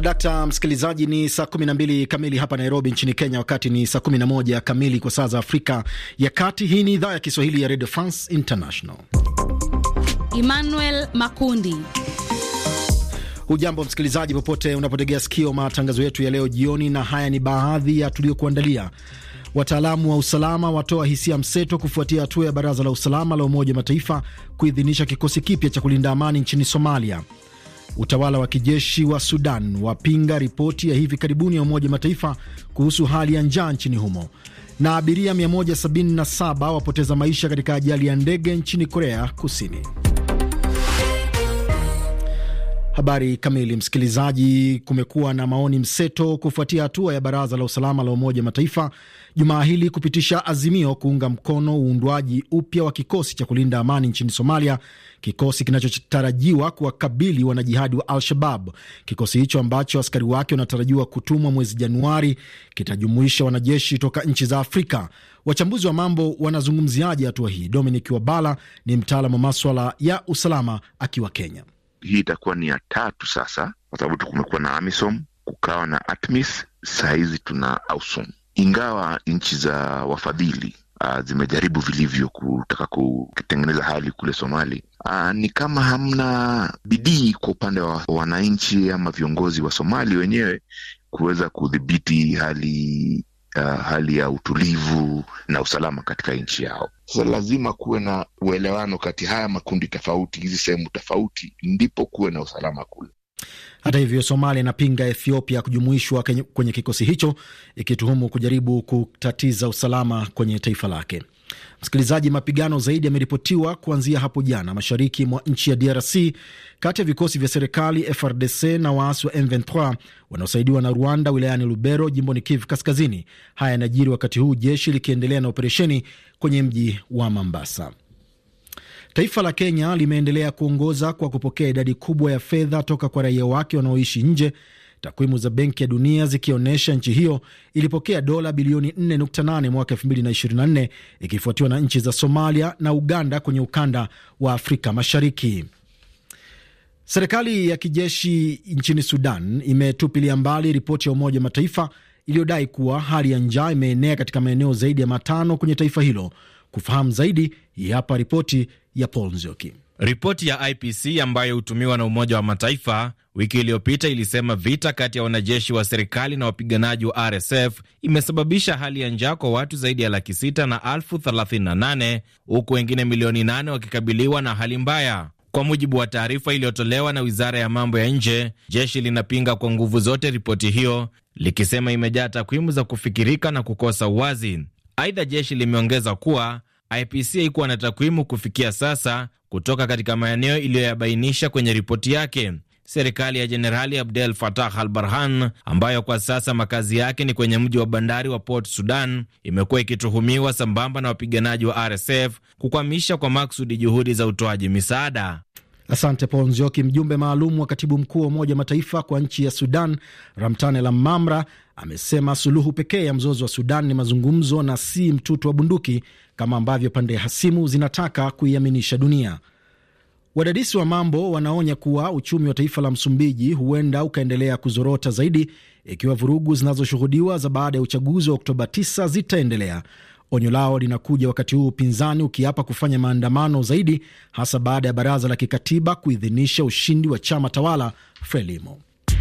dakta msikilizaji, ni saa 12 kamili hapa Nairobi nchini Kenya, wakati ni saa 11 kamili kwa saa za Afrika ya Kati. Hii ni idhaa ya Kiswahili ya Radio France International. Emmanuel Makundi. Hujambo msikilizaji, popote unapotegea sikio matangazo yetu ya leo jioni, na haya ni baadhi ya tuliyokuandalia. Wataalamu wa usalama watoa hisia mseto kufuatia hatua ya Baraza la Usalama la Umoja wa Mataifa kuidhinisha kikosi kipya cha kulinda amani nchini Somalia. Utawala wa kijeshi wa Sudan wapinga ripoti ya hivi karibuni ya Umoja Mataifa kuhusu hali ya njaa nchini humo. Na abiria 177 wapoteza maisha katika ajali ya ndege nchini Korea Kusini. Habari kamili, msikilizaji. Kumekuwa na maoni mseto kufuatia hatua ya Baraza la Usalama la Umoja Mataifa jumaa hili kupitisha azimio kuunga mkono uundwaji upya wa kikosi cha kulinda amani nchini Somalia, kikosi kinachotarajiwa kuwakabili wanajihadi wa Al-Shabab. Kikosi hicho ambacho askari wake wanatarajiwa kutumwa mwezi Januari kitajumuisha wanajeshi toka nchi za Afrika. Wachambuzi wa mambo wanazungumziaje hatua hii? Dominic Wabala ni mtaalamu wa maswala ya usalama akiwa Kenya hii itakuwa ni ya tatu sasa, kwa sababu kumekuwa na AMISOM, kukawa na ATMIS, sahizi tuna AUSOM. Ingawa nchi za wafadhili uh, zimejaribu vilivyo kutaka kutengeneza hali kule Somali, uh, ni kama hamna bidii kwa upande wa wananchi ama viongozi wa Somali wenyewe kuweza kudhibiti hali hali ya utulivu na usalama katika nchi yao. Sasa lazima kuwe na uelewano kati haya makundi tofauti, hizi sehemu tofauti, ndipo kuwe na usalama kule. Hata hivyo, Somalia inapinga Ethiopia kujumuishwa kwenye kikosi hicho, ikituhumu kujaribu kutatiza usalama kwenye taifa lake. Msikilizaji, mapigano zaidi yameripotiwa kuanzia hapo jana mashariki mwa nchi ya DRC kati ya vikosi vya serikali FRDC na waasi wa M23 wanaosaidiwa na Rwanda wilayani Lubero, jimboni Kivu Kaskazini. Haya yanajiri wakati huu jeshi likiendelea na operesheni kwenye mji wa Mambasa. Taifa la Kenya limeendelea kuongoza kwa kupokea idadi kubwa ya fedha toka kwa raia wake wanaoishi nje takwimu za Benki ya Dunia zikionyesha nchi hiyo ilipokea dola bilioni 4.8 mwaka 2024 ikifuatiwa na nchi za Somalia na Uganda kwenye ukanda wa Afrika Mashariki. Serikali ya kijeshi nchini Sudan imetupilia mbali ripoti ya Umoja wa Mataifa iliyodai kuwa hali ya njaa imeenea katika maeneo zaidi ya matano kwenye taifa hilo. Kufahamu zaidi, hii hapa ripoti ya Paul Nzioki. Ripoti ya IPC ambayo hutumiwa na Umoja wa Mataifa wiki iliyopita ilisema vita kati ya wanajeshi wa serikali na wapiganaji wa RSF imesababisha hali ya njaa kwa watu zaidi ya laki sita na elfu thelathini na nane huku wengine milioni nane wakikabiliwa na hali mbaya. Kwa mujibu wa taarifa iliyotolewa na wizara ya mambo ya nje, jeshi linapinga kwa nguvu zote ripoti hiyo likisema imejaa takwimu za kufikirika na kukosa uwazi. Aidha, jeshi limeongeza kuwa IPC haikuwa na takwimu kufikia sasa kutoka katika maeneo iliyoyabainisha kwenye ripoti yake serikali ya Jenerali Abdel Fattah al Barhan, ambayo kwa sasa makazi yake ni kwenye mji wa bandari wa Port Sudan, imekuwa ikituhumiwa sambamba na wapiganaji wa RSF kukwamisha kwa maksudi juhudi za utoaji misaada. Asante Paul Nzioki. Mjumbe maalum wa katibu mkuu wa Umoja Mataifa kwa nchi ya Sudan, Ramtane Lamamra, amesema suluhu pekee ya mzozo wa Sudan ni mazungumzo na si mtutu wa bunduki kama ambavyo pande hasimu zinataka kuiaminisha dunia. Wadadisi wa mambo wanaonya kuwa uchumi wa taifa la Msumbiji huenda ukaendelea kuzorota zaidi ikiwa vurugu zinazoshuhudiwa za baada ya uchaguzi wa Oktoba 9 zitaendelea. Onyo lao linakuja wakati huu upinzani ukiapa kufanya maandamano zaidi, hasa baada ya baraza la kikatiba kuidhinisha ushindi wa chama tawala Frelimo.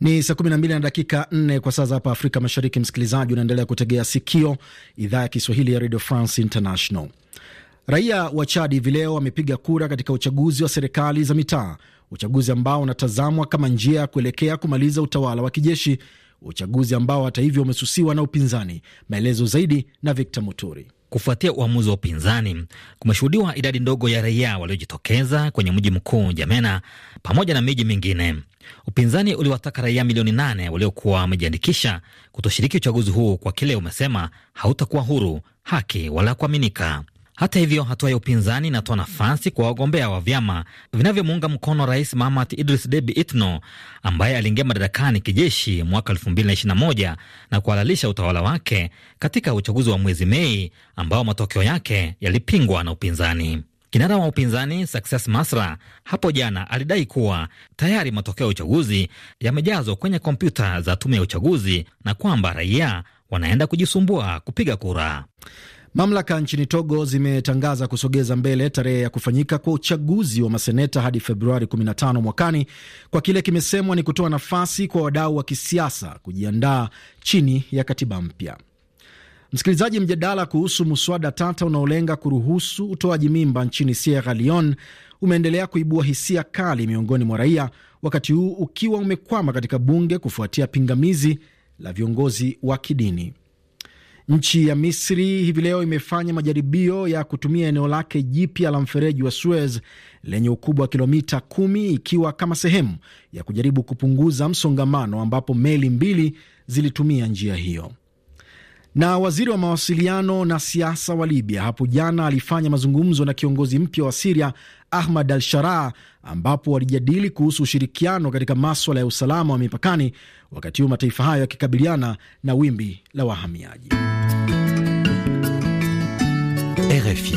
Ni saa 12 na dakika 4 kwa saa za hapa Afrika Mashariki. Msikilizaji, unaendelea kutegea sikio idhaa ya Kiswahili ya Radio France International. Raia wa Chadi hivi leo wamepiga kura katika uchaguzi wa serikali za mitaa, uchaguzi ambao unatazamwa kama njia ya kuelekea kumaliza utawala wa kijeshi, uchaguzi ambao hata hivyo umesusiwa na upinzani. Maelezo zaidi na Victor Muturi. Kufuatia uamuzi wa upinzani, kumeshuhudiwa idadi ndogo ya raia waliojitokeza kwenye mji mkuu Njamena pamoja na miji mingine. Upinzani uliwataka raia milioni nane waliokuwa wamejiandikisha kutoshiriki uchaguzi huu kwa kile umesema hautakuwa huru, haki wala kuaminika. Hata hivyo, hatua ya upinzani inatoa nafasi kwa wagombea wa vyama vinavyomuunga mkono Rais Mahamat Idris Debi Itno ambaye aliingia madarakani kijeshi mwaka 2021 na kuhalalisha utawala wake katika uchaguzi wa mwezi Mei ambao matokeo yake yalipingwa na upinzani. Kinara wa upinzani Success Masra hapo jana alidai kuwa tayari matokeo ya uchaguzi yamejazwa kwenye kompyuta za tume ya uchaguzi na kwamba raia wanaenda kujisumbua kupiga kura. Mamlaka nchini Togo zimetangaza kusogeza mbele tarehe ya kufanyika kwa uchaguzi wa maseneta hadi Februari 15 mwakani, kwa kile kimesemwa ni kutoa nafasi kwa wadau wa kisiasa kujiandaa chini ya katiba mpya. Msikilizaji, mjadala kuhusu muswada tata unaolenga kuruhusu utoaji mimba nchini Sierra Leone umeendelea kuibua hisia kali miongoni mwa raia, wakati huu ukiwa umekwama katika bunge kufuatia pingamizi la viongozi wa kidini. Nchi ya Misri hivi leo imefanya majaribio ya kutumia eneo lake jipya la mfereji wa Suez lenye ukubwa wa kilomita kumi ikiwa kama sehemu ya kujaribu kupunguza msongamano, ambapo meli mbili zilitumia njia hiyo. Na waziri wa mawasiliano na siasa wa Libya hapo jana alifanya mazungumzo na kiongozi mpya wa Siria Ahmad al-Sharaa, ambapo walijadili kuhusu ushirikiano katika maswala ya usalama wa mipakani, wakati huu mataifa hayo yakikabiliana na wimbi la wahamiaji. RFI.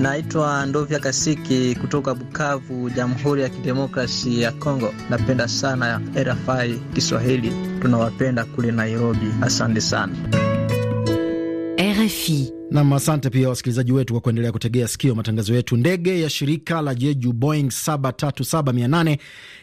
Naitwa Ndovya Kasiki kutoka Bukavu, Jamhuri ya Kidemokrasi ya Kongo. Napenda sana RFI Kiswahili, tunawapenda kule Nairobi. Asante sana RFI. Nam, asante pia wasikilizaji wetu kwa kuendelea kutegea sikio matangazo yetu. Ndege ya shirika la Jeju Boeing 737-800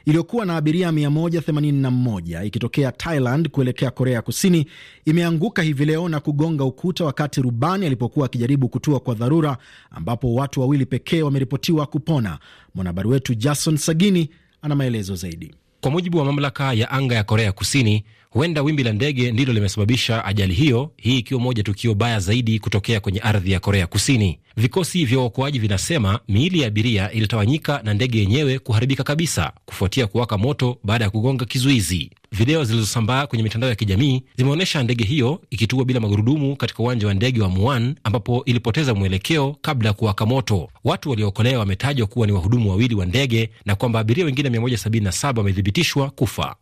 iliyokuwa na abiria 181 ikitokea Thailand kuelekea Korea Kusini imeanguka hivi leo na kugonga ukuta wakati rubani alipokuwa akijaribu kutua kwa dharura, ambapo watu wawili pekee wameripotiwa kupona. Mwanahabari wetu Jason Sagini ana maelezo zaidi. Kwa mujibu wa mamlaka ya anga ya Korea Kusini, huenda wimbi la ndege ndilo limesababisha ajali hiyo, hii ikiwa moja tukio baya zaidi kutokea kwenye ardhi ya Korea Kusini. Vikosi vya uokoaji vinasema miili ya abiria ilitawanyika na ndege yenyewe kuharibika kabisa kufuatia kuwaka moto baada ya kugonga kizuizi. Video zilizosambaa kwenye mitandao ya kijamii zimeonyesha ndege hiyo ikitua bila magurudumu katika uwanja wa ndege wa Muan ambapo ilipoteza mwelekeo kabla ya kuwaka moto. Watu waliookolewa wametajwa kuwa ni wahudumu wawili wa ndege na kwamba abiria wengine 177 wamethibitishwa kufa.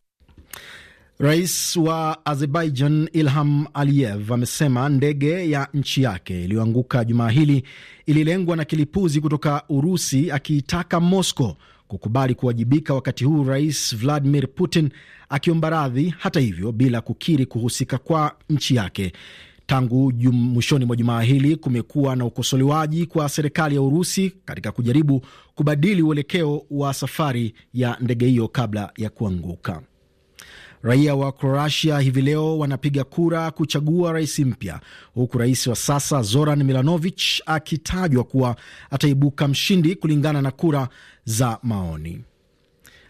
Rais wa Azerbaijan Ilham Aliyev amesema ndege ya nchi yake iliyoanguka jumaa hili ililengwa na kilipuzi kutoka Urusi, akiitaka Moscow kukubali kuwajibika, wakati huu Rais Vladimir Putin akiomba radhi, hata hivyo, bila kukiri kuhusika kwa nchi yake. Tangu mwishoni mwa jumaa hili kumekuwa na ukosolewaji kwa serikali ya Urusi katika kujaribu kubadili uelekeo wa safari ya ndege hiyo kabla ya kuanguka. Raia wa Kroatia hivi leo wanapiga kura kuchagua rais mpya, huku rais wa sasa Zoran Milanovic akitajwa kuwa ataibuka mshindi kulingana na kura za maoni.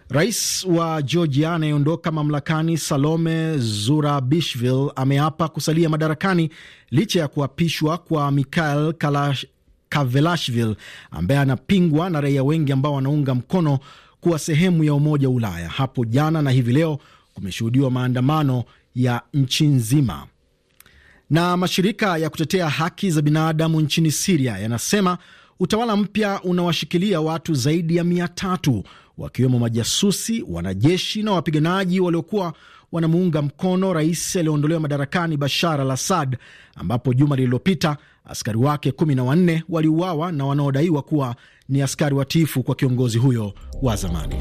Rais wa Georgia anayeondoka mamlakani Salome Zurabishvili ameapa kusalia madarakani licha ya kuapishwa kwa Mikhail Kavelashvili ambaye anapingwa na raia wengi ambao wanaunga mkono kuwa sehemu ya Umoja wa Ulaya hapo jana na hivi leo kumeshuhudiwa maandamano ya nchi nzima. Na mashirika ya kutetea haki za binadamu nchini Siria yanasema utawala mpya unawashikilia watu zaidi ya mia tatu wakiwemo majasusi, wanajeshi na wapiganaji waliokuwa wanamuunga mkono rais aliyeondolewa madarakani Bashar al Assad, ambapo juma lililopita askari wake kumi na wanne waliuawa na wanaodaiwa kuwa ni askari watiifu kwa kiongozi huyo wa zamani.